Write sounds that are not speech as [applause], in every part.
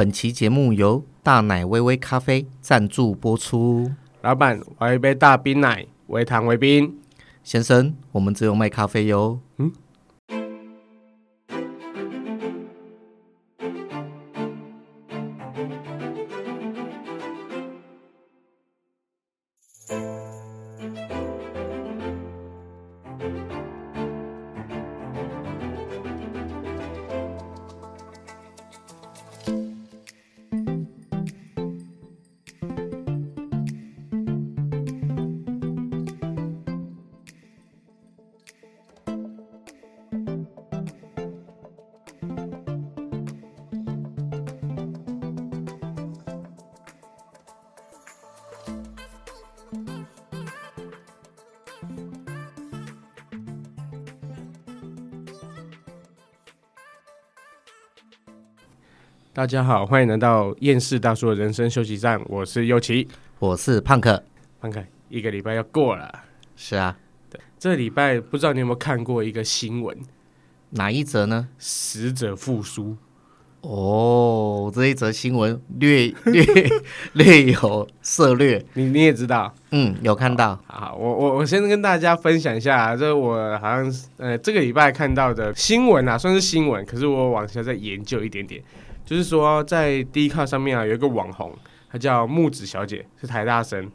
本期節目由大奶微微咖啡贊助播出。老闆，我要一杯大冰奶，微糖、微冰。先生，我們只有賣咖啡喲。嗯。大家好，歡迎來到厭世大叔的人生休息站。我是悠琪，我是胖客。胖客，一個禮拜要過了，是啊。對，這個禮拜不知道你有沒有看過一個新聞，哪一則呢？死者復甦。哦，這一則新聞略略略有涉獵， [laughs] 你你也知道，嗯，有看到。好，好好我我我先跟大家分享一下，這我好像呃這個禮拜看到的新聞啊，算是新聞，可是我往下再研究一點點。就是說，在 Dcard 上面啊，有一個網紅，她叫木子小姐，是台大生。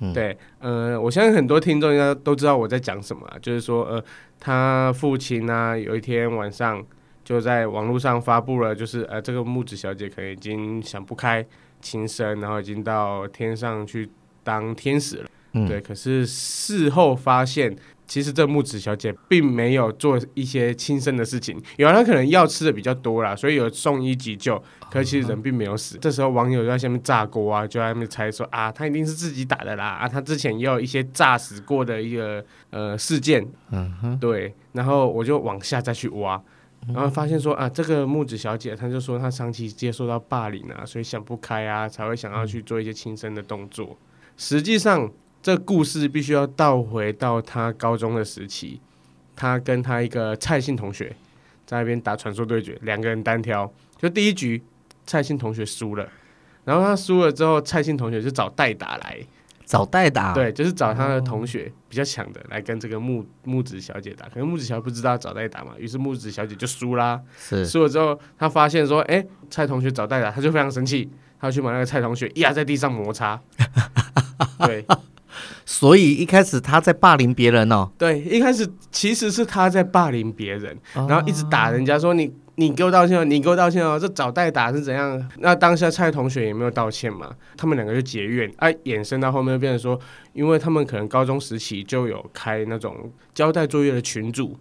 嗯、對，呃，我相信很多聽眾應該都知道我在講什麼，就是說，呃，她父親呢、啊，有一天晚上就在網絡上發布了，就是呃，這個木子小姐可能已經想不開，輕生，然後已經到天上去當天使了。嗯、對，可是事後發現。其實這木子小姐並沒有做一些輕生的事情，有人可能藥吃的比較多啦，所以有送醫急救，可是其實人並沒有死。Uh -huh. 這時候網友就在下面炸鍋啊，就在那邊猜說啊，她一定是自己打的啦，啊，她之前也有一些炸死過的一個呃事件，嗯、uh -huh.，對，然後我就往下再去挖，然後發現說啊，這個木子小姐，她就說她長期接受到霸凌啊，所以想不開啊，才會想要去做一些輕生的動作，uh -huh. 實際上，這個、故事必須要倒回到他高中的時期，他跟他一個蔡姓同學在那邊打傳說對決，兩個人單挑，就第一局蔡姓同學輸了，然後他輸了之後，蔡姓同學就找代打來，找代打，對，就是找他的同學、哦、比較強的來跟這個木木子小姐打，可能木子小姐不知道找代打嘛，於是木子小姐就輸啦，輸了之後，他發現說，哎、欸，蔡同學找代打，他就非常生氣，他就去把那個蔡同學壓在地上摩擦， [laughs] 對。所以一開始他在霸凌別人哦，對，一開始其實是他在霸凌別人，然後一直打人家說，你你給我道歉哦，你給我道歉哦，這找代打是怎樣？那當下蔡同學也沒有道歉嘛，他們兩個就結怨啊，衍生到後面就變成說，因為他們可能高中時期就有開那種交代作業的群組，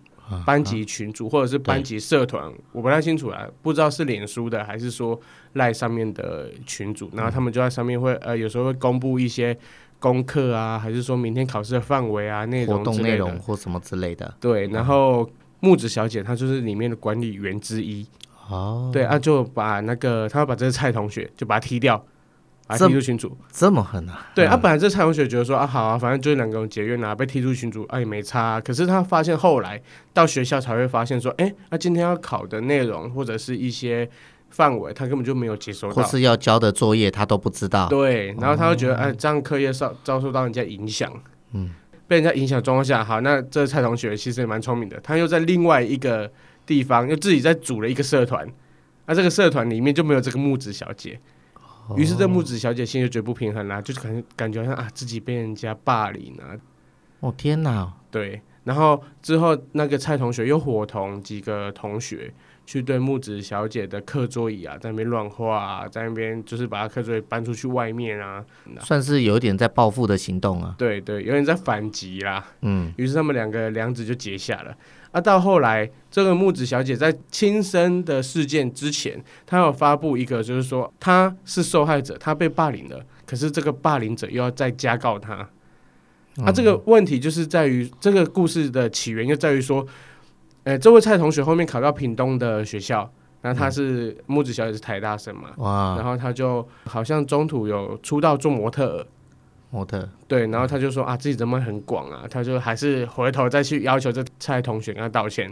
班級群組或者是班級社團，啊，我不太清楚啊，不知道是臉書的還是說賴上面的群組，然後他們就在上面會、嗯、呃有時候會公布一些。功課啊，還是說明天考試的範圍啊，內容活動內容或什麼之類的。對，然後木子小姐她就是裡面的管理員之一哦。對啊，就把那個，她要把這個蔡同學就把他踢掉，啊，踢出群組，這麼狠啊？對、嗯、啊，本來這蔡同學覺得說啊，好啊，反正就兩個人結怨啊，被踢出群組啊也、哎、沒差、啊。可是他發現後來到學校才會發現說，哎、欸，她、啊、今天要考的內容或者是一些。範圍，他根本就沒有接收到，或是要交的作業，他都不知道。對，然後他會覺得，哎、哦啊，這樣課業受遭受到人家影響，嗯，被人家影響的狀況下，好，那這蔡同學其實也蠻聰明的，他又在另外一個地方，又自己再組了一個社團，那、啊、這個社團裡面就沒有這個木子小姐，於是這木子小姐心裡就覺得不平衡啦、啊，就是感覺感覺像啊，自己被人家霸凌啊，哦天哪，對。然後之後，那個蔡同學又夥同幾個同學去對木子小姐的課桌椅啊，在那邊亂畫、啊，在那邊就是把她課桌椅搬出去外面啊，算是有點在報復的行動啊。對對，有點在反擊啦。嗯，於是他們兩個梁子就結下了。啊，到後來這個木子小姐在輕生的事件之前，她有發布一個，就是說她是受害者，她被霸凌了，可是這個霸凌者又要再加告她。那、啊、這個問題就是在於這個故事的起源，就在於說，誒、欸，這位蔡同學後面考到屏東的學校，那他是木子小姐是台大生嘛？哇！然後他就好像中途有出道做模特兒，模特兒對，然後他就說啊，自己人脈很廣啊，他就還是回頭再去要求這蔡同學跟他道歉，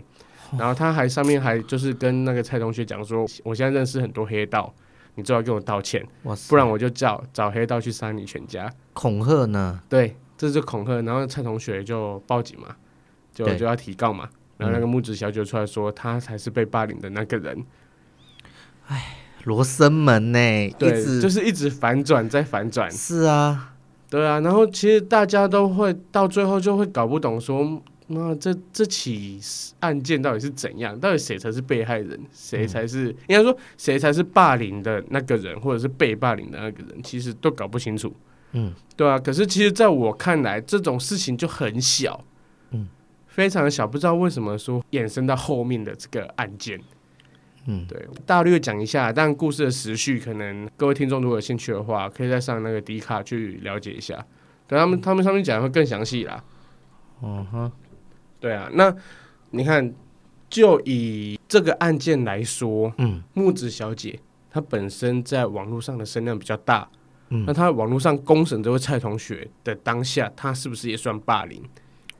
哦、然後他還上面還就是跟那個蔡同學講說，我現在認識很多黑道，你最好跟我道歉，不然我就叫找黑道去殺你全家，恐嚇呢？對。這是恐嚇，然後蔡同學就報警嘛，就就要提告嘛。然後那個木子小姐出來說，他才是被霸凌的那個人。哎，羅生門呢、欸，對，就是一直反轉再反轉。是啊，對啊。然後其實大家都會到最後就會搞不懂說，說那這這起案件到底是怎樣，到底誰才是被害人，誰才是、嗯、應該說誰才是霸凌的那個人，或者是被霸凌的那個人，其實都搞不清楚。嗯，對啊，可是其實在我看來這種事情就很小，嗯，非常小，不知道為什麼說衍生到後面的這個案件，嗯，對，大略講一下，但故事的時序可能各位聽眾如果有興趣的話，可以再上那個迪卡去了解一下，等、啊、他們他們上面講的會更詳細啦。哦、嗯、哈，對啊，那你看，就以這個案件來說，嗯，木子小姐她本身在網絡上的聲量比較大。嗯、那他網絡上公審這位蔡同學的當下，他是不是也算霸凌？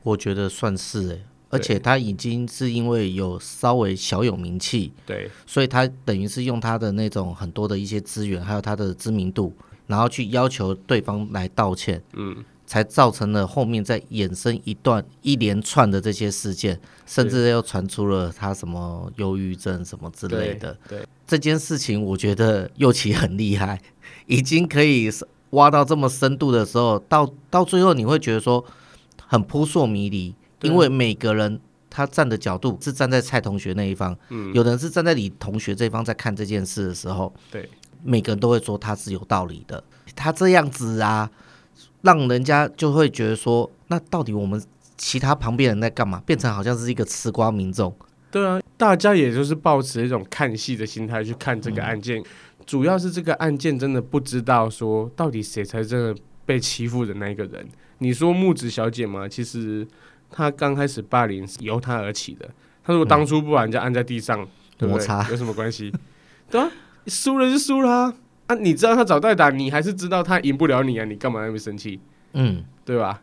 我覺得算是哎、欸，而且他已經是因為有稍微小有名氣，對，所以他等於是用他的那種很多的一些資源，還有他的知名度，然後去要求對方來道歉，嗯，才造成了後面再衍生一段一連串的這些事件，甚至又傳出了他什麼憂鬱症什麼之類的。對，對這件事情，我覺得尤其很厲害。已經可以挖到這麼深度的時候，到到最後你會覺得說很撲朔迷離，因為每個人他站的角度是站在蔡同學那一方，嗯，有的人是站在你同學這一方，在看這件事的時候，對，每個人都會說他是有道理的，他這樣子啊，讓人家就會覺得說，那到底我們其他旁邊人在幹嘛？變成好像是一個吃瓜民眾，對啊，大家也就是抱持一種看戲的心態去看這個案件。嗯主要是這個案件真的不知道說到底誰才是真的被欺負的那一個人？你說木子小姐嗎？其實她剛開始霸凌是由她而起的。她如果當初不把人家按在地上，嗯，對對摩擦，有什麼關係？ [laughs] 對啊，輸了就輸了啊！啊，你知道他找代打，你還是知道他贏不了你啊？你幹嘛那麼生氣？嗯，對吧？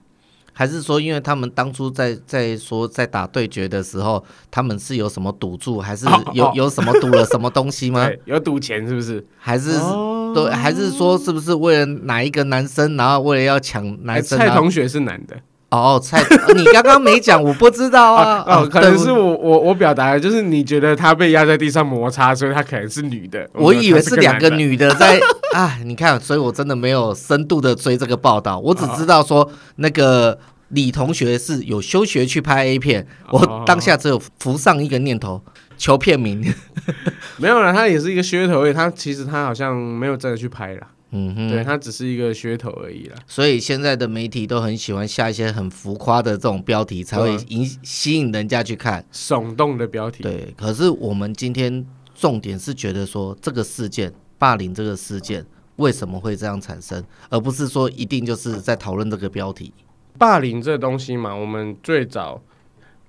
還是說，因為他們當初在在說在打對決的時候，他們是有什麼賭注，還是有 oh, oh. 有，有什麼賭了什麼東西嗎？ [laughs] 有賭錢是不是？還是、oh. 對，還是說是不是為了哪一個男生，然後為了要搶男生，欸？蔡同學是男的。哦，蔡，你剛剛沒講，我不知道啊 [laughs] 哦。哦，可能是我我我表達的就是，你覺得她被壓在地上摩擦，所以她可能是女的。我以為是兩個女的在 [laughs] 啊，你看，所以我真的沒有深度的追這個報道。我只知道說、哦，那個李同學是有休學去拍 A 片。我當下只有浮上一個念頭，哦、求片名。 [laughs] 沒有了、啊，他也是一個噱頭，他其實他好像沒有真的去拍了。嗯哼，對，它只是一個噱頭而已啦。所以現在的媒體都很喜歡下一些很浮誇的這種標題，才會引吸引人家去看聳動的標題。對，可是我們今天重點是覺得說這個事件，霸凌這個事件為什麼會這樣產生，而不是說一定就是在討論這個標題。霸凌這東西嘛，我們最早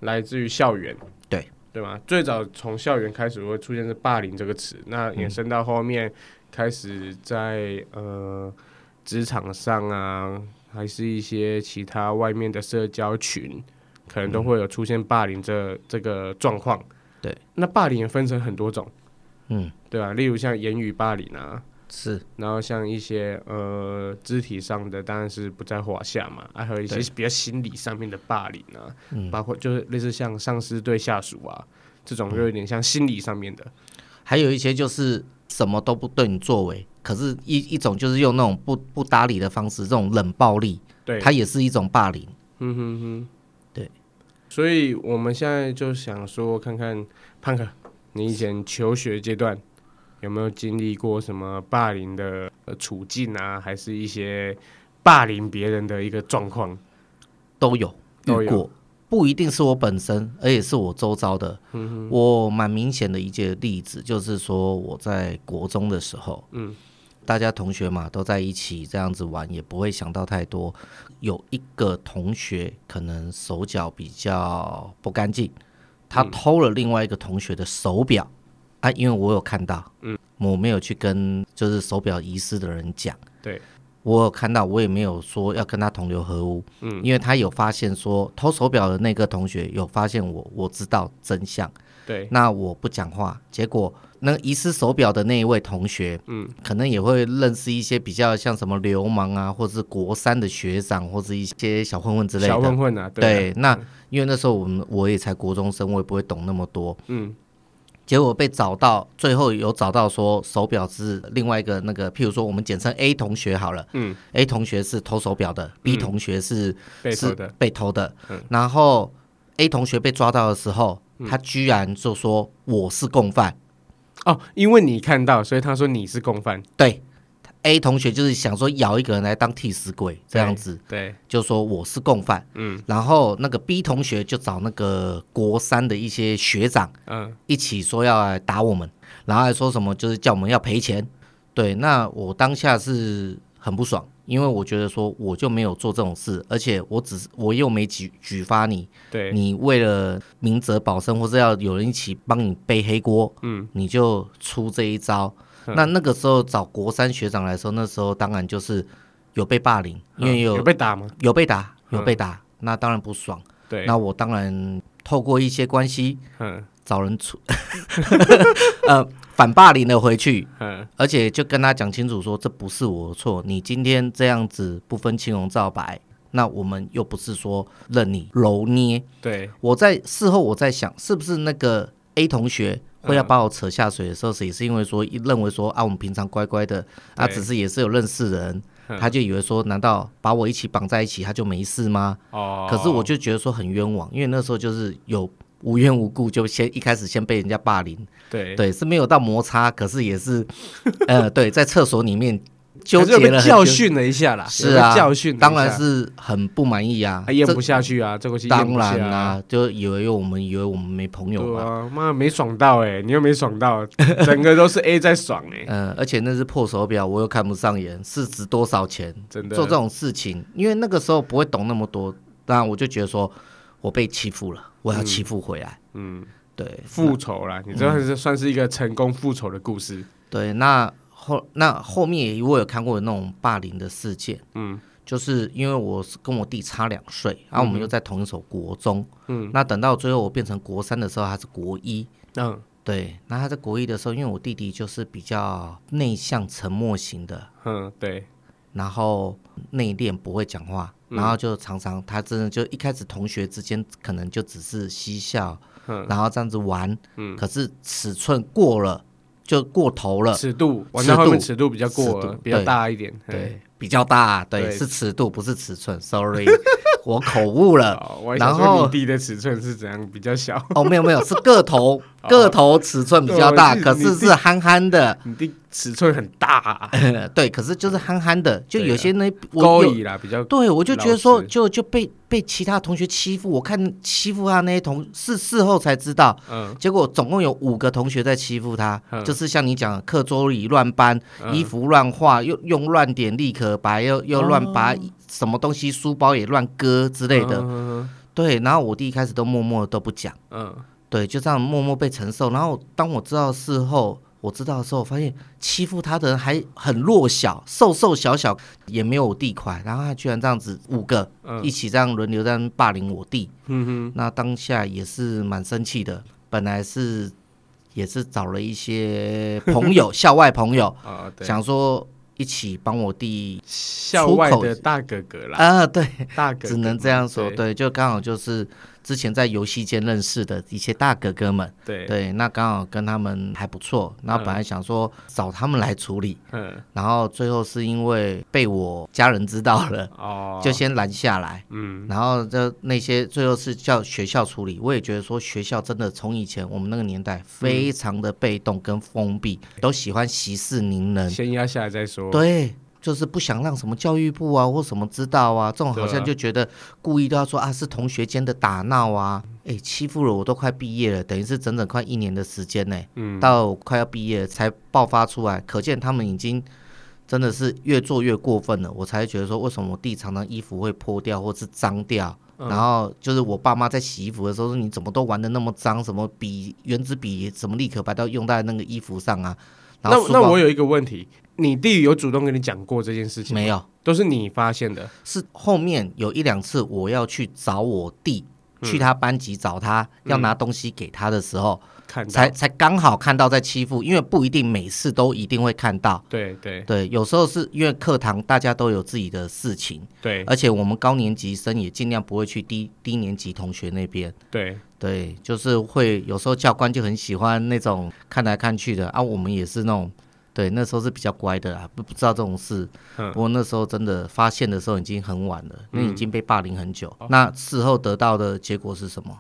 來自於校園，對，對嗎？最早從校園開始會出現“是霸凌”這個詞，那衍生到後面。嗯開始在呃職場上啊，還是一些其他外面的社交群，可能都會有出現霸凌這、嗯、這個狀況。對，那霸凌也分成很多種，嗯，對啊，例如像言語霸凌啊，是，然後像一些呃肢體上的，當然是不在話下嘛，還有一些比較心理上面的霸凌啊，包括就是類似像上司對下屬啊、嗯、這種，又有點像心理上面的，嗯、還有一些就是。什麼都不對你作為，可是一，一一種就是用那種不不搭理的方式，這種冷暴力，對，它也是一種霸凌。嗯哼哼，對。所以，我們現在就想說，看看胖克，你以前求學階段有沒有經歷過什麼霸凌的處境啊？還是一些霸凌別人的一個狀況？都有，遇過都有。不一定是我本身，而且是我周遭的。嗯、我蠻明顯的一件例子，就是說我在國中的時候，嗯、大家同學嘛都在一起這樣子玩，也不會想到太多。有一個同學可能手腳比較不乾淨，他偷了另外一個同學的手表、嗯、啊，因為我有看到，嗯、我沒有去跟就是手表遺失的人講。對。我有看到，我也沒有說要跟他同流合污，嗯，因為他有發現說偷手錶的那個同學有發現我，我知道真相，對，那我不講話，結果那遺失手錶的那一位同學，嗯，可能也會認識一些比較像什麼流氓啊，或者是國三的學長，或是一些小混混之類的小混混啊，對，對，那因為那時候我們我也才國中生，我也不會懂那麼多，嗯。嗯結果被找到，最後有找到說手錶是另外一個那個，譬如說我們簡稱 A 同學好了，嗯，A 同學是偷手錶的，B 同學是、嗯、是是的被偷的，然後 A 同學被抓到的時候，嗯、他居然就說我是共犯哦，因為你看到，所以他說你是共犯，對。A 同學就是想說咬一個人來當替死鬼這樣子，對，對，就說我是共犯，嗯，然後那個 B 同學就找那個國三的一些學長，嗯，一起說要來打我們，嗯，然後還說什麼就是叫我們要賠錢，對，那我當下是很不爽，因為我覺得說我就沒有做這種事，而且我只是我又沒舉舉發你，對，你為了明哲保身或者要有人一起幫你背黑鍋，嗯，你就出這一招。那那個時候找國三學長來說，那時候當然就是有被霸凌，因為有、嗯、有被打嘛？有被打，有被打、嗯，那當然不爽。對，那我當然透過一些關係，嗯，找人出、 [laughs] 呃，反霸凌了回去，嗯，而且就跟他講清楚說，這不是我的錯，你今天這樣子不分青紅皂白，那我們又不是說任你揉捏。對，我在事後我在想，是不是那個 A 同學？會要把我扯下水的時候，也是因為說一認為說啊，我們平常乖乖的，啊，只是也是有認識人，他就以為說，難道把我一起綁在一起，他就沒事嗎？哦，可是我就覺得說很冤枉，因為那時候就是有無緣無故就先一開始先被人家霸凌，對對，是沒有到摩擦，可是也是，呃，對，在廁所裡面。 [laughs] 就就被教訓了一下啦，是啊，教訓當然是很不滿意啊，他嚥不下去啊，這個當、啊啊、當然啊，就以為我們以為我們沒朋友嘛，媽、啊、沒爽到哎、欸，你又沒爽到， [laughs] 整個都是 A 在爽哎、欸，嗯，而且那隻破手錶我又看不上眼，市值多少錢？真的做這種事情，因為那個時候不會懂那麼多，那我就覺得說我被欺負了，我要欺負回來，嗯，嗯對，復仇了，你這算是、嗯、算是一個成功復仇的故事，對，那。後，那後面我有看過那種霸凌的事件，嗯，就是因為我是跟我弟差兩歲，然後，嗯，啊，我們又在同一所國中，嗯，那等到最後我變成國三的時候，他是國一，嗯，對，那他在國一的時候，因為我弟弟就是比較內向、沉默型的，嗯，對，然後內斂不會講話，然後就常常他真的就一開始同學之間可能就只是嬉笑，嗯，然後這樣子玩，嗯，可是尺寸過了。就過頭了，尺度，尺度，尺度比較過了，比較大一點，對，對比較大，對，對是尺度，不是尺寸，sorry。 [laughs] 我口誤了，然後你弟的尺寸是怎樣，比較小？哦，沒有沒有，是個頭個頭尺寸比較大，啊，可是是憨憨的。你，弟你的尺寸很大，啊呃，對，可是就是憨憨的，就有些那些、啊、我啦，比較對我就覺得說就就被被其他同學欺負，我看欺負他那些同事事後才知道，嗯，結果總共有五個同學在欺負他，嗯，就是像你講的課桌椅亂搬、嗯，衣服亂畫，又用亂點立可白，又又亂拔。嗯什麼東西，書包也亂割之類的，uh,，uh, uh, uh, 對。然後我弟一開始都默默的都不講，嗯，對，就這樣默默被承受。然後當我知道事後，我知道的時候，我發現欺負他的人還很弱小，瘦瘦小小，小，也沒有我弟塊。然後他居然這樣子五個，uh, 一起這樣輪流這樣霸凌我弟。Uh, uh, 那當下也是蠻生氣的。本來是也是找了一些朋友， [laughs] 校外朋友啊，uh, uh, 想說。一起幫我弟，校外的大哥哥啦，啊，對，大哥哥只能這樣說，對，對，就剛好就是。之前在遊戲間認識的一些大哥哥們，對，那剛好跟他們還不錯，那本來想說找他們來處理，嗯，然後最後是因為被我家人知道了，哦，就先攔下來，嗯，然後就那些最後是叫學校處理，我也覺得說學校真的從以前我們那個年代非常的被動跟封閉，嗯，都喜歡息事寧人，先壓下來再說，對。就是不想讓什麼教育部啊或什麼知道啊，這種好像就覺得故意都要說啊，啊，是同學間的打鬧啊，誒、欸，欺負了，我都快畢業了，等於是整整快一年的時間呢、欸，嗯，到快要畢業才爆發出來，可見他們已經真的是越做越過分了。我才覺得說，為什麼我弟常常衣服會破掉或是髒掉、嗯，然後就是我爸媽在洗衣服的時候說，你怎麼都玩得那麼髒，什麼筆、原子筆什麼立可白把它用在那個衣服上啊？然後那，那我有一個問題。你弟有主動跟你講過這件事情？沒有，都是你發現的。是後面有一兩次，我要去找我弟，嗯、去他班級找他、嗯，要拿東西給他的時候，才才剛好看到在欺負。因為不一定每次都一定會看到。對對對，有時候是因為課堂大家都有自己的事情。對，而且我們高年級生也盡量不會去低低年級同學那邊。對對，就是會有時候教官就很喜歡那種看來看去的啊，我們也是那種。對，那時候是比較乖的啊，不不知道這種事。嗯。不過那時候真的發現的時候已經很晚了，那、嗯、已經被霸凌很久、哦。那事後得到的結果是什麼？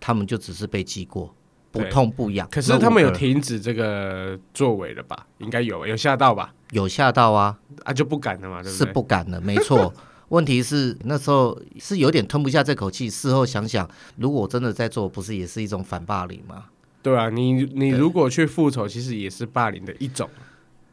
他們就只是被記過，不痛不癢。可是他們有停止這個作為了吧？嗯、應該有，有嚇到吧？有嚇到啊啊！就不敢了嘛，對對，是不敢了，沒錯。 [laughs] 問題是那時候是有點吞不下這口氣。事後想想，如果真的在做，不是也是一種反霸凌嗎？對啊，你你如果去復仇，其實也是霸凌的一種。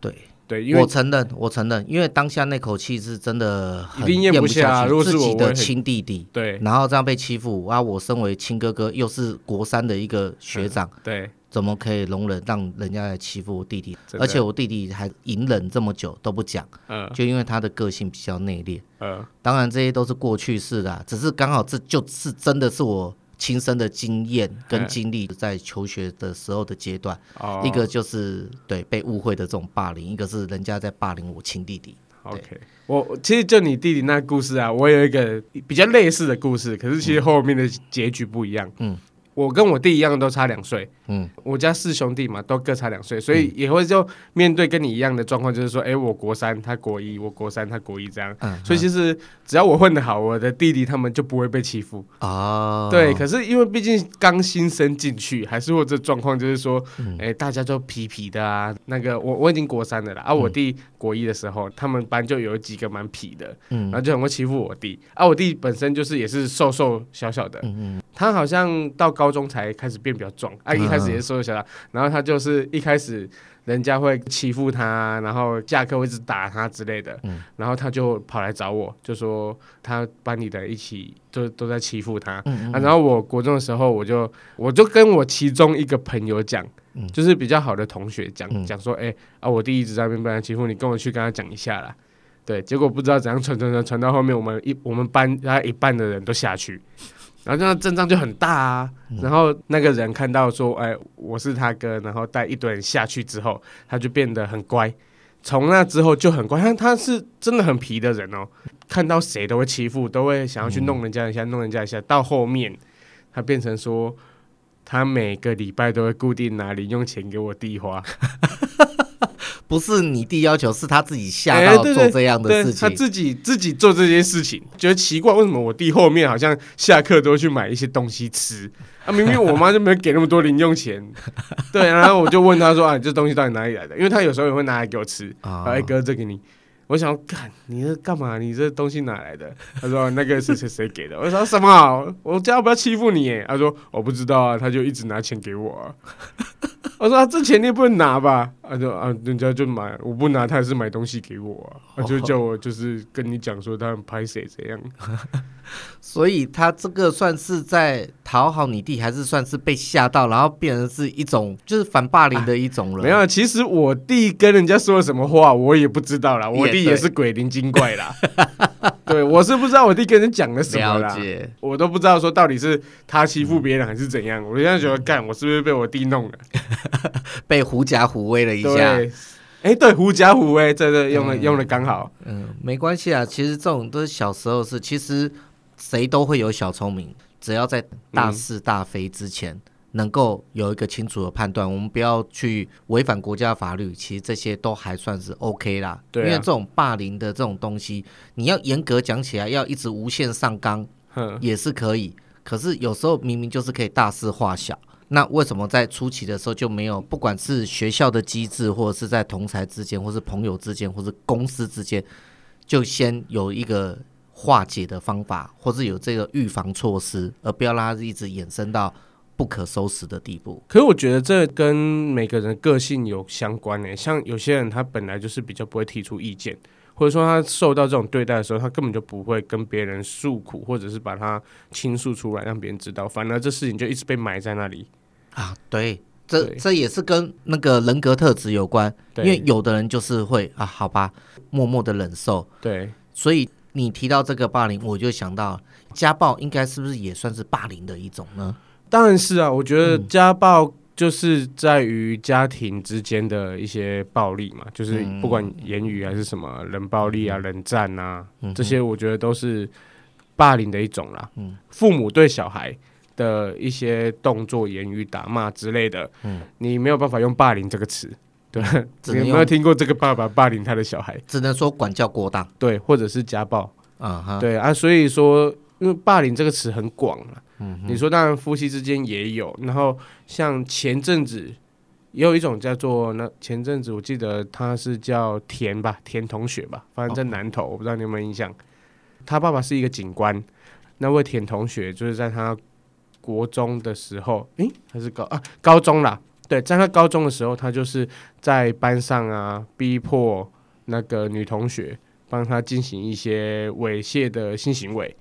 對對，因為，我承認，我承認，因為當下那口氣是真的很嚥不下、啊，自己的親弟弟，對，然後這樣被欺負啊！我身為親哥哥，又是國三的一個學長，嗯、對，怎麼可以容忍讓人家來欺負我弟弟？而且我弟弟還隱忍這麼久都不講，嗯，就因為他的個性比較內斂，嗯，當然這些都是過去式的，只是剛好這就是真的是我。親身的經驗跟經歷，在求學的時候的階段，哦、一個就是，對，被誤會的這種霸凌，一個是人家在霸凌我親弟弟。OK，我其實就你弟弟那故事啊，我有一個比較類似的故事，可是其實後面的結局不一樣。嗯。嗯我跟我弟一樣都差兩歲，嗯，我家四兄弟嘛，都各差兩歲，所以也會就面對跟你一樣的狀況，就是說，哎、嗯欸，我國三，他國一，我國三，他國一這樣，嗯嗯，所以其實只要我混得好，我的弟弟他們就不會被欺負，啊、對。可是因為畢竟剛新生進去，還是或者狀況就是說，哎、嗯欸，大家都皮皮的啊，那個我我已經國三的了啦啊，我弟。嗯國一的時候，他們班就有幾個蠻痞的，嗯，然後就很會欺負我弟。啊，我弟本身就是也是瘦瘦小小的，嗯嗯，他好像到高中才開始變比較壯，啊，一開始也是瘦小小的，嗯，然後他就是一開始。人家會欺負他，然後下課會一直打他之類的，嗯、然後他就跑來找我，就說他班裡的一起都都在欺負他。嗯嗯嗯啊、然後我國中的時候，我就我就跟我其中一個朋友講，嗯、就是比較好的同學講、嗯、講說，哎、欸、啊，我弟一直在那邊被人欺負，你跟我去跟他講一下啦。對，結果不知道怎樣傳傳傳傳到後面我，我們一我們班大概一半的人都下去。然後這樣陣仗就很大啊，然後那個人看到說，哎，我是他哥，然後帶一堆人下去之後，他就變得很乖。從那之後就很乖，他他是真的很皮的人哦，看到誰都會欺負，都會想要去弄人家一下，弄人家一下。到後面他變成說，他每個禮拜都會固定拿零用錢給我弟花。 [laughs] 不是你弟要求，是他自己下到做這樣的事情。欸、他自己自己做這些事情，覺得奇怪，為什麼我弟後面好像下課都會去買一些東西吃？啊，明明我媽就沒有給那麼多零用錢。 [laughs] 對，然後我就問他說：“啊，這東西到底哪裡來的？”因為他有時候也會拿來給我吃啊，哎、欸，哥，這給你。我想幹，你這幹嘛？你這東西哪來的？他說：“那個是誰誰給的？”我說：“什麼、啊？我家要不要欺負你。”哎，他說：“我不知道啊。”他就一直拿錢給我、啊。我說他、啊、之前你不能拿吧？啊就啊，人家就買我不拿，他也是買東西給我啊，Oh. 啊，就叫我就是跟你講說他們拍誰這樣， [laughs] 所以他這個算是在討好你弟，還是算是被嚇到，然後變成是一種就是反霸凌的一種了、啊。沒有、啊，其實我弟跟人家說了什麼話，我也不知道啦。我弟也是鬼靈精怪啦。 [laughs] [laughs] 對，我是不知道我弟跟人講了什麼了啦了解，我都不知道說到底是他欺負別人還是怎樣。嗯、我現在覺得，幹、嗯、我是不是被我弟弄了， [laughs] 被狐假虎威了一下？對，欸、對狐假虎威，這這用了、嗯、用了剛好嗯。嗯，沒關係啊，其實這種都是小時候的事，其實誰都會有小聰明，只要在大是大非之前。嗯能夠有一個清楚的判斷，我們不要去違反國家法律，其實這些都還算是 OK 啦。對啊。因為這種霸凌的這種東西，你要嚴格講起來，要一直無限上綱，也是可以。可是有時候明明就是可以大事化小，那為什麼在初期的時候就沒有？不管是學校的機制，或者是在同儕之間，或是朋友之間，或是公司之間，就先有一個化解的方法，或是有這個預防措施，而不要讓它一直衍生到。不可收拾的地步。可是我覺得這跟每個人個性有相關呢、欸，像有些人他本來就是比較不會提出意見，或者說他受到這種對待的時候，他根本就不會跟別人訴苦，或者是把他傾訴出來讓別人知道，反而這事情就一直被埋在那裡啊。對，這對這也是跟那個人格特質有關，因為有的人就是會啊，好吧，默默的忍受。對，所以你提到這個霸凌，我就想到家暴應該是不是也算是霸凌的一種呢？當然是啊，我覺得家暴就是在於家庭之間的一些暴力嘛、嗯，就是不管言語還是什麼冷、嗯、暴力啊、嗯、冷戰啊、嗯，這些我覺得都是霸凌的一種啦。嗯、父母對小孩的一些動作、言語、打罵之類的、嗯，你沒有辦法用霸凌這個詞。對、啊，你有沒有聽過這個爸爸霸凌他的小孩？只能說管教過當，對，或者是家暴啊哈，對啊。所以說，因為霸凌這個詞很廣嗯、你說當然，夫妻之間也有。然後像前陣子，也有一種叫做那前陣子我記得他是叫田吧，田同學吧，反正在南投、哦，我不知道你有沒有印象。他爸爸是一個警官，那位田同學就是在他國中的時候，誒、欸，還是高啊，高中啦，對，在他高中的時候，他就是在班上啊，逼迫那個女同學幫他進行一些猥褻的性行為。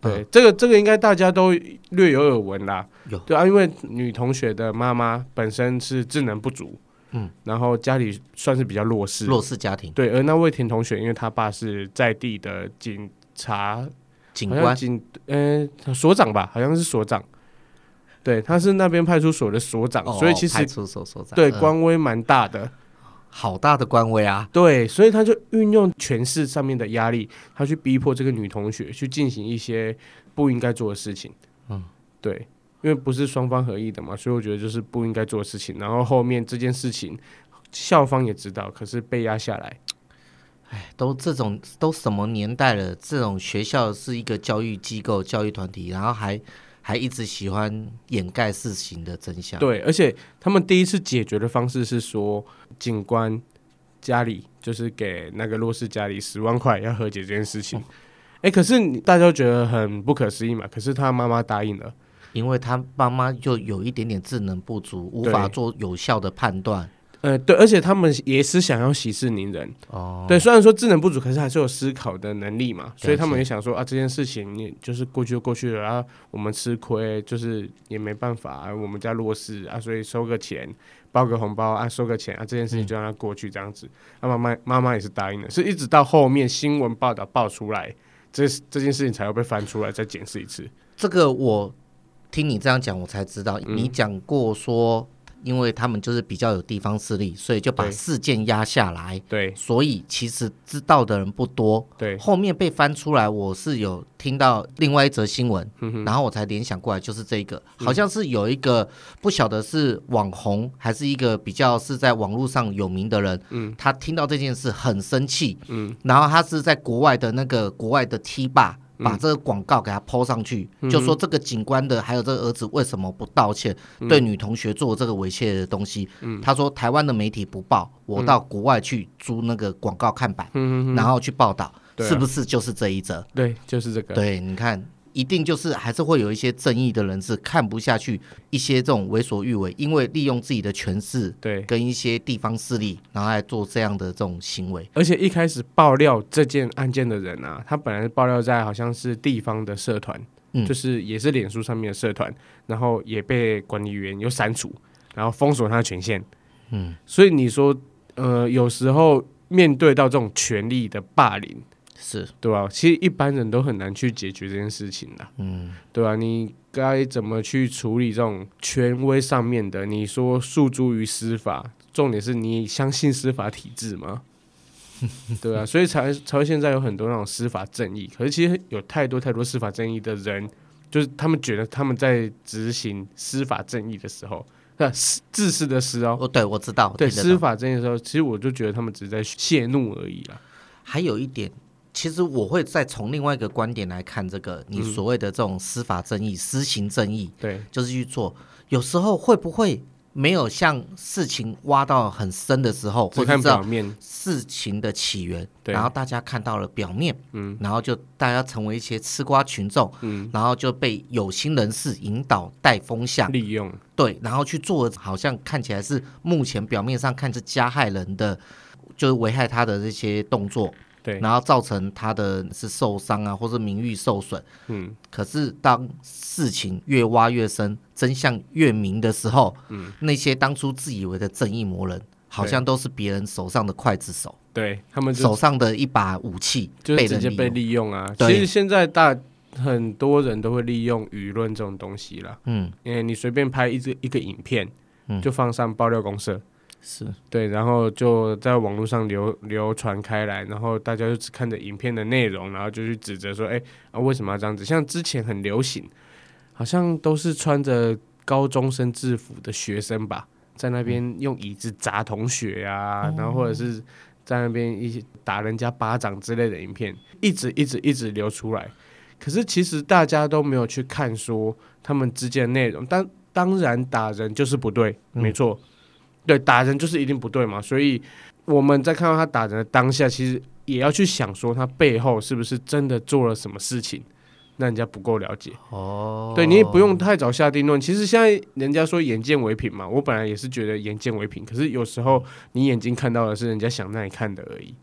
對、嗯，這個這個應該大家都略有耳聞啦。有、呃、對啊，因為女同學的媽媽本身是智能不足，嗯，然後家裡算是比較弱勢，弱勢家庭。對，而那魏婷同學，因為他爸是在地的警察、警官、警，嗯、呃，所長吧，好像是所長。對，他是那邊派出所的所長，哦哦所以其實所所對官、嗯、威蠻大的。嗯好大的官威啊！對，所以他就運用權勢上面的壓力，他去逼迫這個女同學去進行一些不應該做的事情。嗯，對，因為不是雙方合意的嘛，所以我覺得就是不應該做的事情。然後後面這件事情，校方也知道，可是被壓下來。哎，都這種都什麼年代了？這種學校是一個教育機構、教育團體，然後還……還一直喜歡掩蓋事情的真相。對，而且他們第一次解決的方式是說，警官家裡就是給那個弱勢家裡十萬塊要和解這件事情。哎、哦，欸，可是大家都覺得很不可思議嘛。可是他媽媽答應了，因為他媽媽就有一點點智能不足，無法做有效的判斷。呃，對，而且他們也是想要息事寧人哦。對，雖然說智能不足，可是還是有思考的能力嘛。所以他們也想說啊，這件事情也就是過去就過去了啊，我們吃虧就是也沒辦法啊，我們家弱勢啊，所以收個錢，包個紅包啊，收個錢啊，這件事情就讓它過去這樣子。那媽媽媽媽也是答應的，是一直到後面新聞報道爆出來，這這件事情才會被翻出來再檢視一次。這個我聽你這樣講，我才知道你講過說、嗯。因為他們就是比較有地方勢力，所以就把事件壓下來。對，對，所以其實知道的人不多。對，對，後面被翻出來，我是有聽到另外一則新聞，嗯、然後我才聯想過來，就是這個、嗯，好像是有一個不曉得是網紅還是一個比較是在網絡上有名的人，嗯，他聽到這件事很生氣，嗯，然後他是在國外的那個國外的 T 霸。把這個廣告給他拋上去，嗯，就說這個警官的還有這個兒子，為什麼不道歉？嗯、對女同學做這個猥褻的東西，嗯、他說台灣的媒體不報，嗯，我到國外去租那個廣告看板，嗯哼哼，然後去報道。啊，是不是就是這一則？對，就是這個。對，你看。一定就是還是會有一些正義的人士看不下去一些這種為所欲為，因為利用自己的權勢，對，跟一些地方勢力，然後來做這樣的這種行為。而且一開始爆料這件案件的人啊，他本來是爆料在好像是地方的社團，嗯，就是也是臉書上面的社團，然後也被管理員又刪除，然後封鎖他的權限，嗯。所以你說，呃，有時候面對到這種權力的霸凌。是，對吧？啊。其實一般人都很難去解決這件事情的，嗯，對啊，你該怎麼去處理這種權威上面的？你說訴諸於司法，重點是你相信司法體制嗎？ [laughs] 對啊，所以才才會現在有很多那種司法正義，可是其實有太多太多司法正義的人，就是他們覺得他們在執行司法正義的時候，那自私的私哦，哦，對，我知道，對司法正義的時候，其實我就覺得他們只是在泄怒而已啦。還有一點。其實我會再從另外一個觀點來看這個，你所謂的這種司法正義、嗯、私刑正義，對，就是去做，有時候會不會沒有像事情挖到很深的時候，會看表面，或者知道事情的起源，對，然後大家看到了表面，嗯，然後就大家成為一些吃瓜群眾，嗯，然後就被有心人士引導帶風向，利用，對，然後去做，好像看起來是目前表面上看着加害人的，就是危害他的這些動作。然後造成他的是受傷啊，或者名譽受損。嗯，可是當事情越挖越深，真相越明的時候，嗯，那些當初自以為的正義魔人，好像都是別人手上的劊子手。對，他們手上的一把武器被就是、直接被利用啊。其實現在大很多人都會利用輿論這種東西了。嗯，因為你隨便拍一個一個影片，嗯，就放上爆料公社。嗯是對，然後就在網絡上流流傳開來，然後大家就只看着影片的內容，然後就去指責說：“誒、啊，為什麼要這樣子？”像之前很流行，好像都是穿着高中生制服的學生吧，在那邊用椅子砸同學呀、啊嗯，然後或者是在那邊一起打人家巴掌之類的影片，一直一直一直流出來。可是其實大家都沒有去看說他們之間的內容，當當然打人就是不對，沒錯。嗯對，打人就是一定不對嘛，所以我們在看到他打人的當下，其實也要去想說他背後是不是真的做了什麼事情，讓人家不夠了解哦。對，你也不用太早下定論。其實現在人家說眼見為憑嘛，我本來也是覺得眼見為憑，可是有時候你眼睛看到的是人家想讓你看的而已。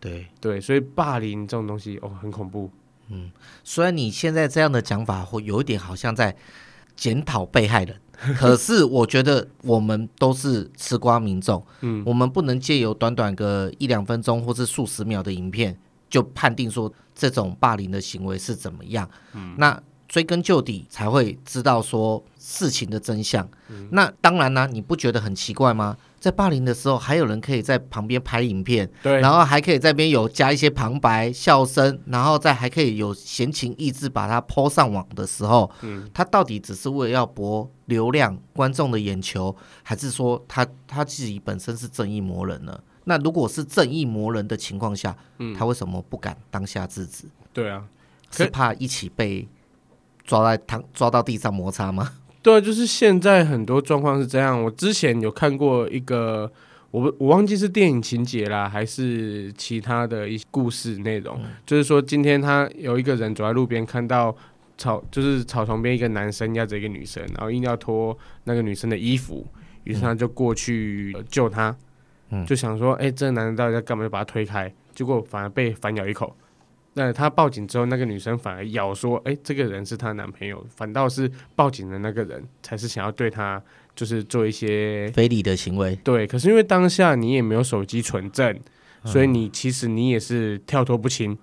對對，所以霸凌這種東西哦，很恐怖。嗯，雖然你現在這樣的講法會有一點好像在檢討被害人。 [laughs] 可是，我覺得我們都是吃瓜民眾，嗯，我們不能借由短短個一兩分鐘或是數十秒的影片，就判定說這種霸凌的行為是怎麼樣，嗯，那。追根究底才會知道說事情的真相。嗯、那當然呢、啊，你不覺得很奇怪嗎？在霸凌的時候，還有人可以在旁邊拍影片，對，然後還可以在邊有加一些旁白、笑聲，然後再還可以有閒情逸致把它拋上網的時候、嗯，他到底只是為了要博流量、觀眾的眼球，還是說他他自己本身是正義魔人呢？那如果是正義魔人的情況下、嗯，他為什麼不敢當下制止？對啊，是怕一起被。抓、在他抓到地上摩擦嗎？對，就是現在很多狀況是這樣。我之前有看過一個，我我忘記是電影情節啦，還是其他的一些故事內容。嗯、就是說，今天他有一個人走在路邊，看到草就是草叢邊一個男生壓着一個女生，然後硬要脫那個女生的衣服，於是他就過去、嗯呃、救她就想說：“哎，這男的到底在幹嘛？”就把他推開，結果反而被反咬一口。那他報警之後，那個女生反而咬說：“誒、欸，這個人是她男朋友，反倒是報警的那個人才是想要對她就是做一些非禮的行為。”對，可是因為當下你也沒有手機存證、嗯，所以你其實你也是跳脫不清，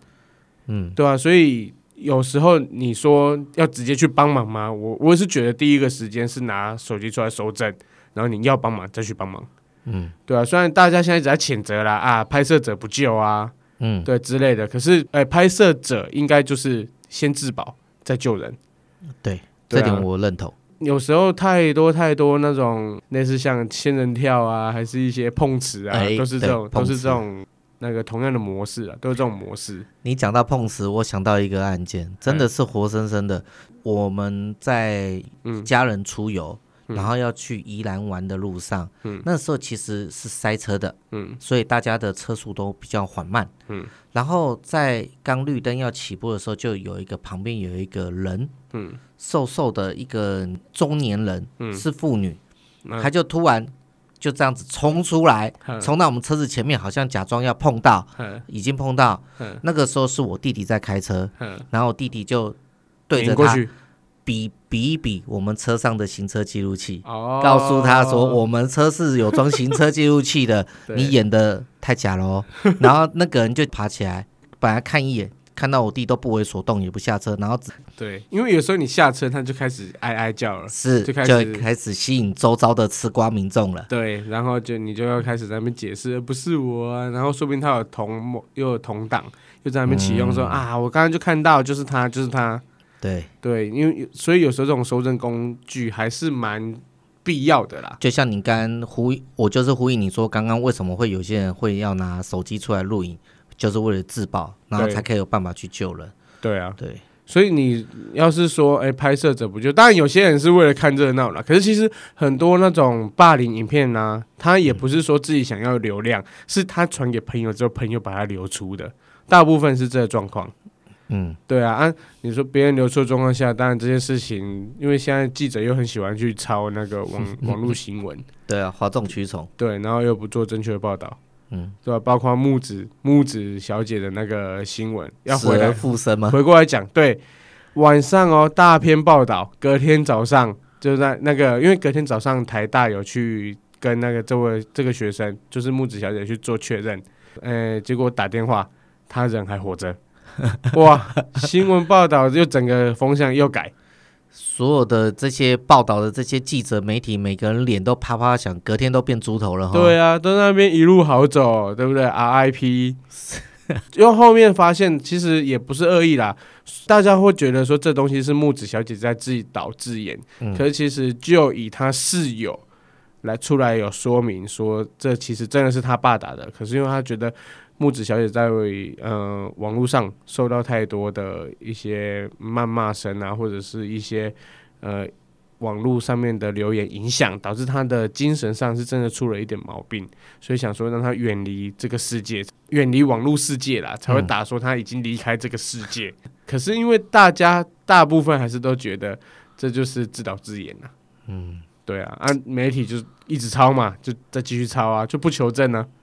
嗯，對啊。所以有時候你說要直接去幫忙嗎？我我也是覺得第一個時間是拿手機出來蒐證，然後你要幫忙再去幫忙，嗯，對啊。雖然大家現在一直在譴責啦啊，拍攝者不救啊。嗯，對之類的。可是，哎、欸，拍攝者應該就是先自保再救人，對，對、啊，這點我認同。有時候太多太多那種類似像仙人跳啊，還是一些碰瓷啊，欸、都是這種，都是這種那個同樣的模式啊，都是這種模式。你講到碰瓷，我想到一個案件，真的是活生生的。我們在家人出遊。然後要去宜蘭玩的路上，嗯，那時候其實是塞車的，嗯，所以大家的車速都比較緩慢。嗯，然後在剛綠燈要起步的時候，就有一個旁邊有一個人，嗯，瘦瘦的一個中年人，嗯，是婦女，她，嗯，就突然就這樣子衝出來，嗯，衝到我們車子前面，好像假裝要碰到，嗯，已經碰到，嗯。那個時候是我弟弟在開車，嗯，然後我弟弟就對着他。比比一比，我們車上的行車記錄器，oh、告訴他說我們車是有裝行車記錄器的。 [laughs] 你演的太假嘍！然後那個人就爬起來，本來看一眼，看到我弟都不為所動，也不下車。然後只對，因為有時候你下車，他就開始哀哀叫了，是就開始就開始吸引周遭的吃瓜民眾了。對，然後就你就要開始在那邊解釋，不是我、啊，然後說不定他有同，又有同黨，又在那邊啟用說、嗯、啊，我剛剛就看到，就是他，就是他。對對，因為有所以有時候這種搜證工具還是蠻必要的啦。就像你剛呼，我就是呼應你說，剛剛為什麼會有些人會要拿手機出來錄影，就是為了自保，然後才可以有辦法去救人。對，對啊，對。所以你要是說，哎、欸，拍攝者不救，當然有些人是為了看熱鬧啦。可是其實很多那種霸凌影片呢、啊，他也不是說自己想要流量，嗯、是他傳給朋友之後，朋友把它流出的，大部分是這個狀況。嗯，對啊，啊，你說別人流出的狀況下，當然這件事情，因為現在記者又很喜歡去抄那個網、嗯、網絡新聞，對啊，嘩眾取寵，對，然後又不做正確的報道，嗯，對吧、啊？包括木子木子小姐的那個新聞，要回來復生嗎？回過來講，對，晚上哦大篇報道、嗯，隔天早上就在那個，因為隔天早上台大有去跟那個這位這個學生，就是木子小姐去做確認，誒、呃，結果打電話，他人還活着。嗯 [laughs] 哇！新聞報道又整個風向又改，所有的這些報道的這些記者、媒體，每個人臉都啪啪響，隔天都變豬頭了。對啊，都在那邊一路好走，對不對？RIP，因 [laughs] 為後面發現其實也不是惡意啦。大家會覺得說這東西是木子小姐在自己導自演、嗯，可是其實就以她室友來出來有說明說，這其實真的是她爸打的。可是因為她覺得。木子小姐在為呃網絡上受到太多的一些謾罵聲啊，或者是一些呃網絡上面的留言影響，導致她的精神上是真的出了一點毛病，所以想說讓她遠離這個世界，遠離網絡世界啦，才會打說她已經離開這個世界、嗯。可是因為大家大部分還是都覺得這就是自導自演吶、啊，嗯，對啊，啊媒體就一直抄嘛，就再繼續抄啊，就不求證呢、啊。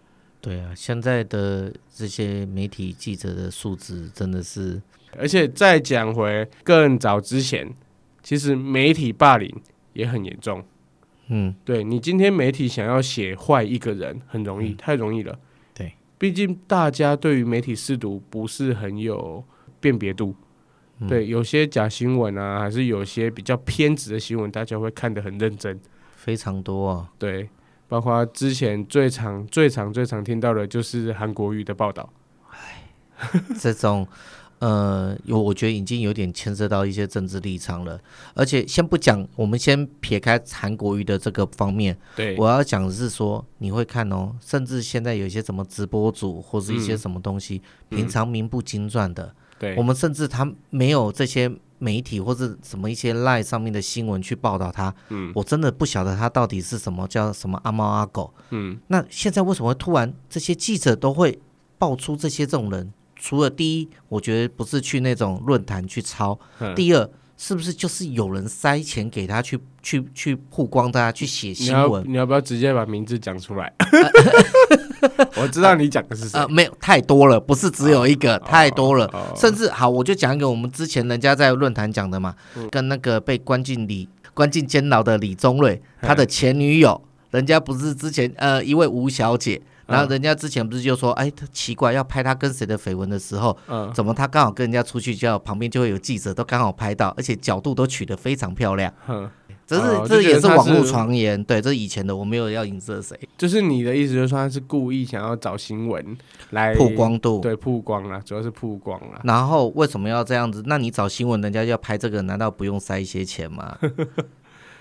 對啊，現在的這些媒體記者的素質真的是，而且再講回更早之前，其實媒體霸凌也很嚴重。嗯，對你今天媒體想要寫壞一個人，很容易、嗯，太容易了。對，畢竟大家對於媒體識讀不是很有辨別度、嗯。對，有些假新聞啊，還是有些比較偏執的新聞，大家會看得很認真，非常多啊、哦。對。包括之前最常、最常、最常聽到的，就是韓國瑜的報道。哎，這種，呃，有我覺得已經有點牽涉到一些政治立場了。而且，先不講，我們先撇開韓國瑜的這個方面。對，我要講的是說，你會看哦，甚至現在有些什麼直播主或是一些什麼東西，嗯、平常名不經傳的，嗯、對我們甚至他沒有這些。媒體或者什麼一些賴上面的新聞去報道他，嗯，我真的不曉得他到底是什麼叫什麼阿貓阿狗，嗯，那現在為什麼會突然這些記者都會爆出這些這種人？除了第一，我覺得不是去那種論壇去抄，嗯，第二。是不是就是有人塞錢給他去去去曝光他去寫新聞？你要不要直接把名字講出來？ [laughs] [laughs] [laughs] 我知道你講的是什麼、呃呃。沒有太多了，不是只有一個，哦、太多了。哦哦、甚至好，我就講一個我們之前人家在論壇講的嘛，嗯、跟那個被關進李關進監牢的李宗瑞，他的前女友，嗯、人家不是之前呃一位吳小姐。然後人家之前不是就說，嗯、哎，他奇怪要拍他跟誰的緋聞的時候，嗯，怎麼他剛好跟人家出去，就要旁邊就會有記者都剛好拍到，而且角度都取得非常漂亮。嗯、這是、這是、嗯、就覺得他是、這也是網絡傳言，對，這是以前的，我沒有要影射誰。就是你的意思，就是說他是故意想要找新聞來曝光度，對，曝光了，主要是曝光了。然後為什麼要這樣子？那你找新聞，人家就要拍這個，難道不用塞一些錢嗎？ [laughs]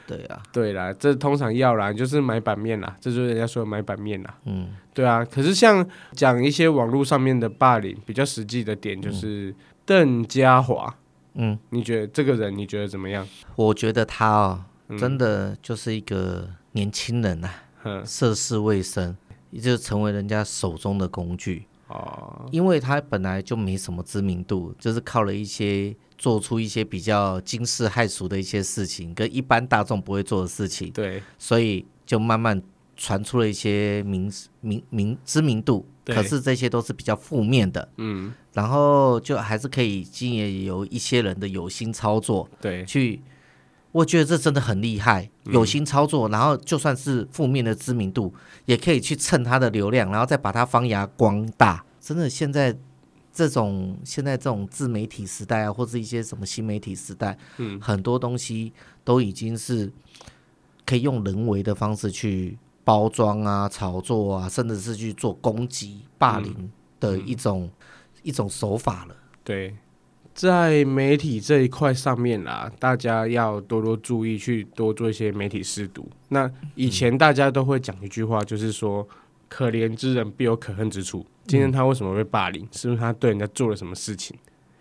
對啊，對啦，這通常要啦，就是買版面啦，這就是人家說的買版面啦。嗯，對啊，可是像講一些網絡上面的霸凌，比較實際的點就是鄧佳華。嗯，你覺得這個人你覺得怎麼樣？我覺得他哦，真的就是一個年輕人吶、啊，涉世未深，也就是、成為人家手中的工具哦、嗯，因為他本來就沒什麼知名度，就是靠了一些。做出一些比較驚世駭俗的一些事情，跟一般大眾不會做的事情，對，所以就慢慢傳出了一些名名名知名度。對，可是這些都是比較負面的，嗯，然後就還是可以經由有一些人的有心操作，對，去，我覺得這真的很厲害，有心操作，嗯、然後就算是負面的知名度，也可以去蹭他的流量，然後再把他發揚光大。真的，現在。這種現在這種自媒體時代啊，或是一些什麼新媒體時代，嗯，很多東西都已經是可以用人為的方式去包裝啊、炒作啊，甚至是去做攻擊、霸凌的一種、嗯嗯、一種手法了。對，在媒體這一塊上面啦、啊，大家要多多注意，去多做一些媒體識讀。那以前大家都會講一句話，就是說。嗯嗯可憐之人必有可恨之處。今天他為什麼被霸凌，嗯？是不是他對人家做了什麼事情？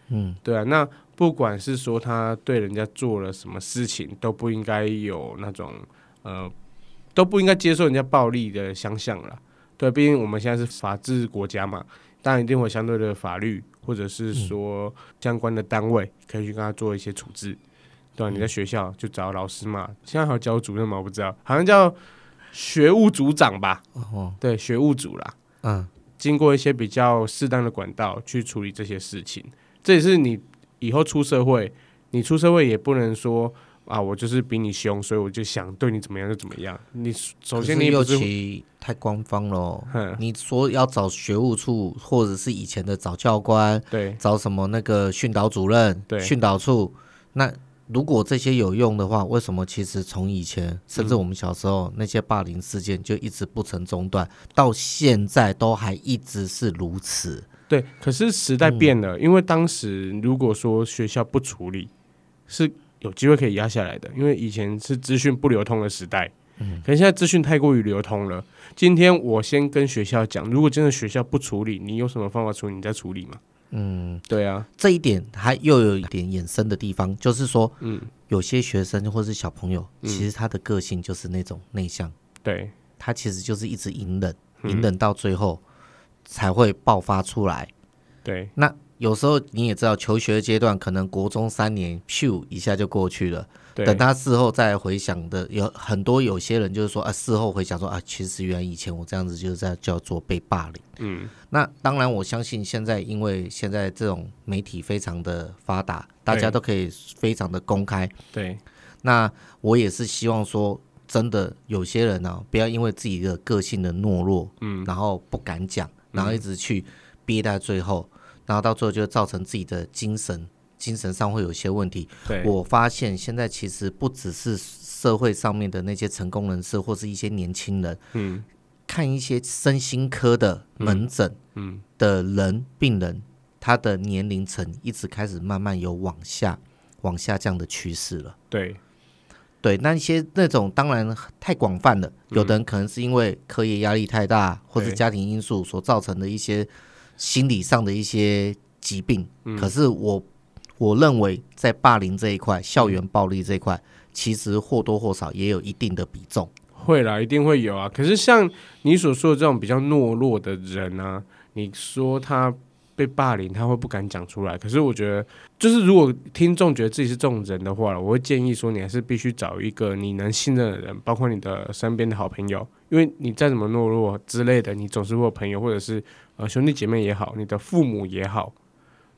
嗯，對啊。那不管是說他對人家做了什麼事情，都不應該有那種呃，都不應該接受人家暴力的相向了。對，啊，畢竟我們現在是法治國家嘛，當然一定會有相對的法律或者是說相關的單位可以去跟他做一些處置，嗯，對，啊，你在學校就找老師嘛，現在還有教主任嘛？我不知道，好像叫。學務組長吧，對學務組啦，嗯，經過一些比較適當的管道去處理這些事情。這也是你以後出社會，你出社會也不能說啊，我就是比你兇，所以我就想對你怎麼樣就怎麼樣。你首先你是是又其太官方了、哦，嗯、你說要找學務處，或者是以前的找教官，對，找什麼那個訓導主任，對，訓導處那。如果這些有用的話，為什麼其實，從以前，甚至我們小時候、嗯、那些霸凌事件就一直不曾中斷，到現在都還一直是如此？對，可是時代變了，嗯、因為當時如果說學校不處理，是有機會可以壓下來的，因為以前是資訊不流通的時代，可是現在資訊太過於流通了、嗯。今天我先跟學校講，如果真的學校不處理，你有什麼方法處理，你再處理嘛。嗯，對啊，這一點他又有一點衍生的地方，就是說，嗯，有些學生或是小朋友，嗯、其實他的個性就是那種內向，對、嗯，他其實就是一直隱忍、嗯，隱忍到最後才會爆發出來，嗯、對。那有時候你也知道，求學階段可能國中三年，咻一下就過去了。等他事後再回想的，有很多有些人就是說啊，事後回想說啊，其實原來以前我這樣子就是在叫做被霸凌。嗯，那當然我相信現在因為現在這種媒體非常的發達，大家都可以非常的公開。對，那我也是希望說，真的有些人呢、啊，不要因為自己的個性的懦弱，嗯，然後不敢講，然後一直去憋在最後，然後到最後就造成自己的精神。精神上會有一些問題，對。我發現現在其實不只是社會上面的那些成功人士，或是一些年輕人，嗯，看一些身心科的門診的，嗯，的、嗯、人病人，他的年齡層一直開始慢慢有往下往下降的趨勢了。對，對，那一些那種當然太廣泛了，有的人可能是因為課業壓力太大、嗯，或是家庭因素所造成的一些心理上的一些疾病。嗯、可是我。我認為在霸凌這一塊，校園暴力這一塊，其實或多或少也有一定的比重。會啦，一定會有啊。可是像你所說的這種比較懦弱的人呢、啊，你說他被霸凌，他會不敢講出來。可是我覺得，就是如果聽眾覺得自己是這種人的話，我會建議說，你還是必須找一個你能信任的人，包括你的身邊的好朋友。因為你再怎麼懦弱之類的，你總是會有朋友，或者是呃兄弟姐妹也好，你的父母也好。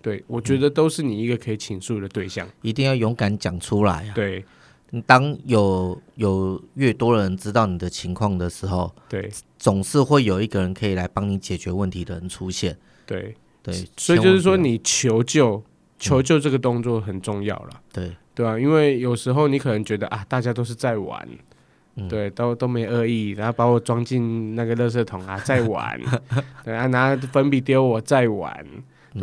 對，我覺得都是你一個可以傾訴的對象，嗯、一定要勇敢講出來、啊。對，當有有越多人知道你的情況的時候，對，總是會有一個人可以來幫你解決問題的人出現。對對，所以就是說，你求救，求救這個動作很重要了、嗯。對對啊，因為有時候你可能覺得啊，大家都是在玩，嗯、對，都都沒惡意，然後把我裝進那個垃圾桶啊，在玩，對啊，拿粉筆丟我，在玩。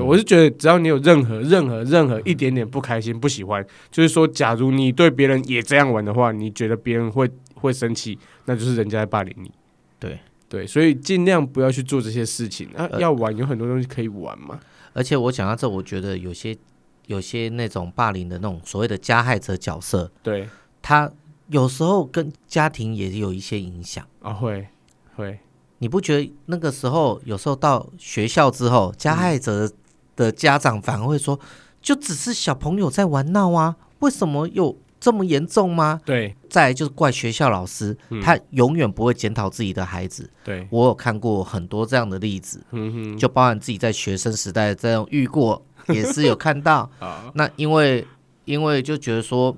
我是覺得，只要你有任何、任何、任何一點點不開心、嗯、不喜歡，就是說，假如你對別人也這樣玩的話，你覺得別人會會生氣，那就是人家在霸凌你。對對，所以盡量不要去做這些事情那、啊呃、要玩，有很多東西可以玩嘛。而且我講到這，我覺得有些、有些那種霸凌的那種所謂的加害者角色，對，他有時候跟家庭也有一些影響啊，會會，你不覺得那個時候有時候到學校之後，加害者、嗯。的家長反而會說，就只是小朋友在玩鬧啊，為什麼有這麼嚴重嗎？對，再來就是怪學校老師，嗯、他永遠不會檢討自己的孩子。對，我有看過很多這樣的例子，嗯、就包含自己在學生時代這樣遇過，也是有看到。 [laughs] 那因為因為就覺得說，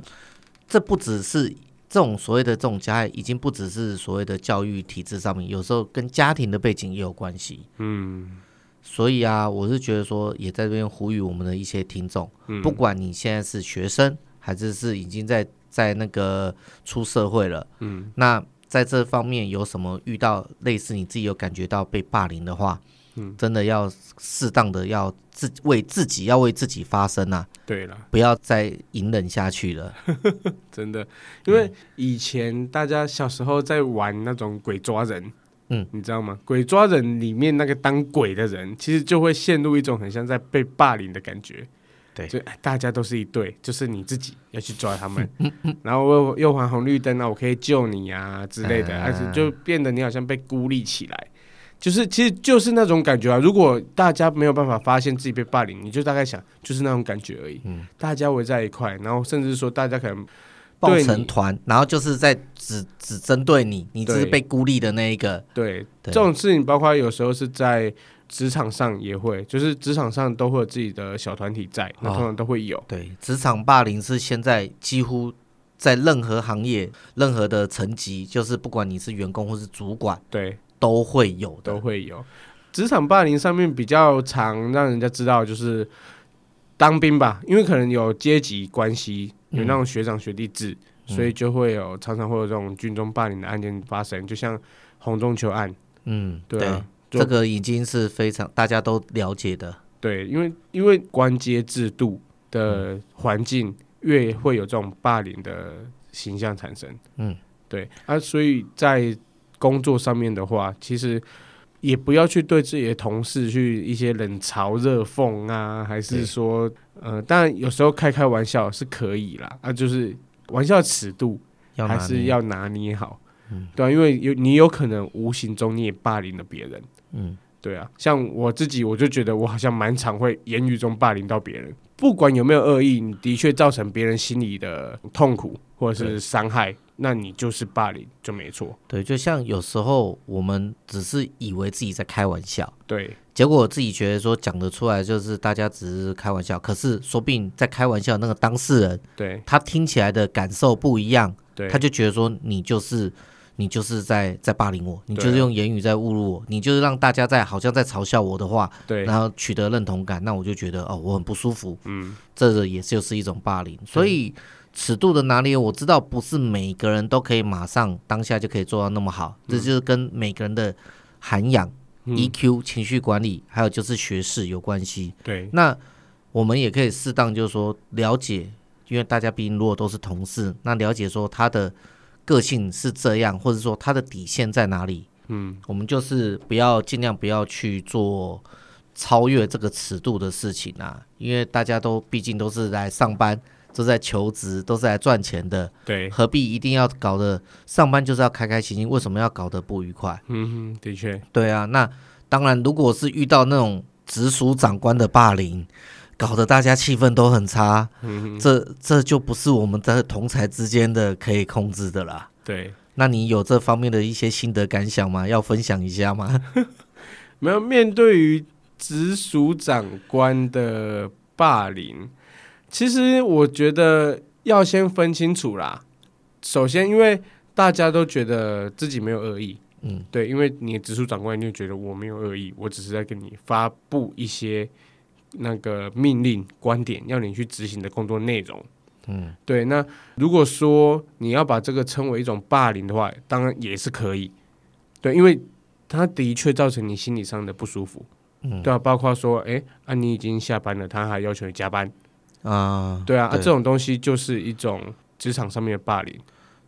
這不只是這種所謂的這種家，已經不只是所謂的教育體制上面，有時候跟家庭的背景也有關係。嗯。所以啊，我是覺得說，也在這邊呼籲我們的一些聽眾，嗯，不管你現在是學生，還是是已經在在那個出社會了，嗯，那在這方面有什麼遇到類似你自己有感覺到被霸凌的話，嗯，真的要適當的要自為自己要為自己發聲啊，對了，不要再隱忍下去了， [laughs] 真的，因為以前大家小時候在玩那種鬼抓人。嗯，你知道嗎？鬼抓人裡面那個當鬼的人，其實就會陷入一種很像在被霸凌的感覺。對，就、哎、大家都是一對，就是你自己要去抓他們， [laughs] 然後又又還紅綠燈啊，我可以救你啊之類的，但是就變得你好像被孤立起來，就是其實就是那種感覺啊。如果大家沒有辦法發現自己被霸凌，你就大概想就是那種感覺而已。嗯，大家圍在一塊，然後甚至說大家可能。抱成團，然後就是在只只針對你，你就是被孤立的那一個。對。對，這種事情包括有時候是在職場上也會，就是職場上都會有自己的小團體在，那通常都會有。哦、對，職場霸凌是現在幾乎在任何行業、任何的層級，就是不管你是員工或是主管，對，都會有的，都會有。職場霸凌上面比較常讓人家知道就是，當兵吧，因為可能有階級關係，有那種學長學弟制，嗯嗯、所以就會有常常會有這種軍中霸凌的案件發生，就像洪仲丘案，嗯，對，啊，對，這個已經是非常大家都了解的，對，因為因為官階制度的環境越會有這種霸凌的形象產生，嗯，對，啊，所以在工作上面的話，其實。也不要去對自己的同事去一些冷嘲熱諷啊，還是說，呃，當然有時候開開玩笑是可以啦，啊，就是玩笑的尺度還是要拿捏好，捏，對啊，因為有你有可能無形中你也霸凌了別人，嗯。對啊，像我自己，我就覺得我好像蠻常會言語中霸凌到別人，不管有沒有惡意，你的確造成別人心裡的痛苦或者是傷害，那你就是霸凌就沒錯。對，就像有時候我們只是以為自己在開玩笑，對，結果我自己覺得說講得出來就是大家只是開玩笑，可是說不定在開玩笑那個當事人，對，他聽起來的感受不一樣，對，他就覺得說你就是。你就是在在霸凌我，你就是用言語在侮辱我，啊、你就是讓大家在好像在嘲笑我的話對，然後取得認同感，那我就覺得哦，我很不舒服。嗯，這也就是一種霸凌。所以尺度的拿捏，我知道不是每個人都可以馬上當下就可以做到那麼好，這就是跟每個人的涵養、嗯、EQ、情緒管理、嗯，還有就是學識有關係。對，那我們也可以適當就是說了解，因為大家畢竟如果都是同事，那了解說他的。個性是這樣，或者說他的底線在哪裡？嗯，我們就是不要盡量不要去做超越這個尺度的事情啊，因為大家都畢竟都是來上班，都在求職，都是來賺錢的。對，何必一定要搞得上班就是要開開心心？為什麼要搞得不愉快？嗯哼，的確，對啊，那當然，如果是遇到那種直屬長官的霸凌。搞得大家氣氛都很差，嗯、這這就不是我們在同儕之間的可以控制的啦。對，那你有這方面的一些心得感想嗎？要分享一下嗎？沒有，面對於直屬長官的霸凌，其實我覺得要先分清楚啦。首先，因為大家都覺得自己沒有惡意，嗯，對，因為你直屬長官一定覺得我沒有惡意，我只是在跟你發布一些。那個命令、觀點要你去執行的工作內容，嗯，對。那如果說你要把這個稱為一種霸凌的話，當然也是可以，對，因為他的確造成你心理上的不舒服，嗯，對啊。包括說，誒、欸、啊，你已經下班了，他還要求你加班，啊、嗯，對啊。對啊，這種東西就是一種職場上面的霸凌，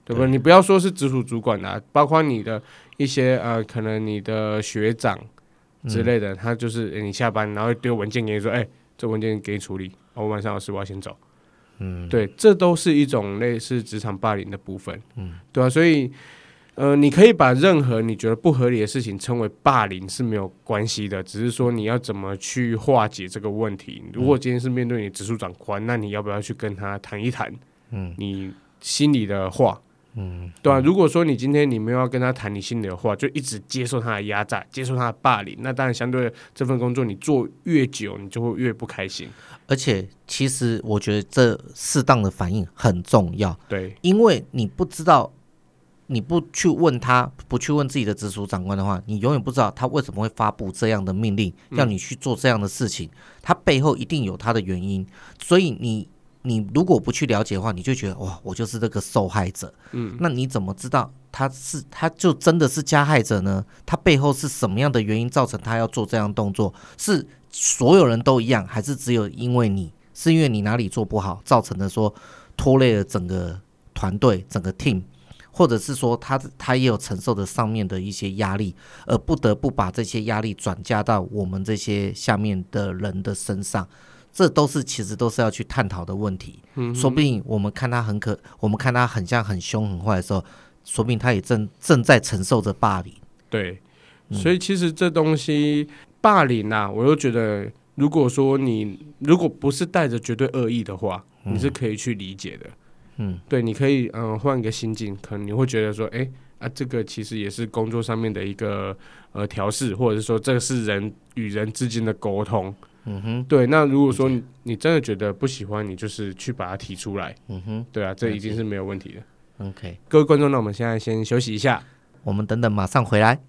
對不對？對？你不要說是直屬主管啊，包括你的一些啊、呃，可能你的學長。之類的，嗯、他就是、欸、你下班，然後丟文件給你說：“哎、欸，這文件給你處理。”喔，我晚上有事，我要先走。嗯，對，這都是一種類似職場霸凌的部分。嗯，對啊，所以呃，你可以把任何你覺得不合理的事情稱為霸凌是沒有關係的，只是說你要怎麼去化解這個問題。如果今天是面對你的直屬長官，那你要不要去跟他談一談？嗯，你心裡的話。嗯，對啊，如果說你今天你沒有要跟他談你心裡的話，就一直接受他的壓榨，接受他的霸凌，那當然相對這份工作你做越久，你就會越不開心。而且其實我覺得這適當的反應很重要，對，因為你不知道，你不去問他，不去問自己的直屬長官的話，你永遠不知道他為什麼會發布這樣的命令，要你去做這樣的事情，嗯、他背後一定有他的原因，所以你。你如果不去了解的話，你就覺得哇，我就是這個受害者。嗯，那你怎麼知道他是，他就真的是加害者呢？他背後是什麼樣的原因造成他要做這樣動作？是所有人都一樣，還是只有因為你？是因為你哪裡做不好造成的？說拖累了整個團隊，整個 team，或者是說他他也有承受的上面的一些壓力，而不得不把這些壓力轉嫁到我們這些下面的人的身上。這都是其實都是要去探討的問題。嗯，說不定我們看他很可，我們看他很像很凶很壞的時候，說不定他也正正在承受着霸凌。對，嗯、所以其實這東西霸凌吶、啊，我又覺得，如果說你如果不是帶着絕對惡意的話、嗯，你是可以去理解的。嗯，對，你可以嗯、呃、換一個心境，可能你會覺得說，哎啊，這個其實也是工作上面的一個呃調適，或者說這是人與人之間的溝通。嗯哼，對。那如果說你，你真的覺得不喜歡，你就是去把它提出來。嗯哼，對啊，這已經是沒有問題的。嗯。OK，各位觀眾，那我們現在先休息一下，我們等等馬上回來。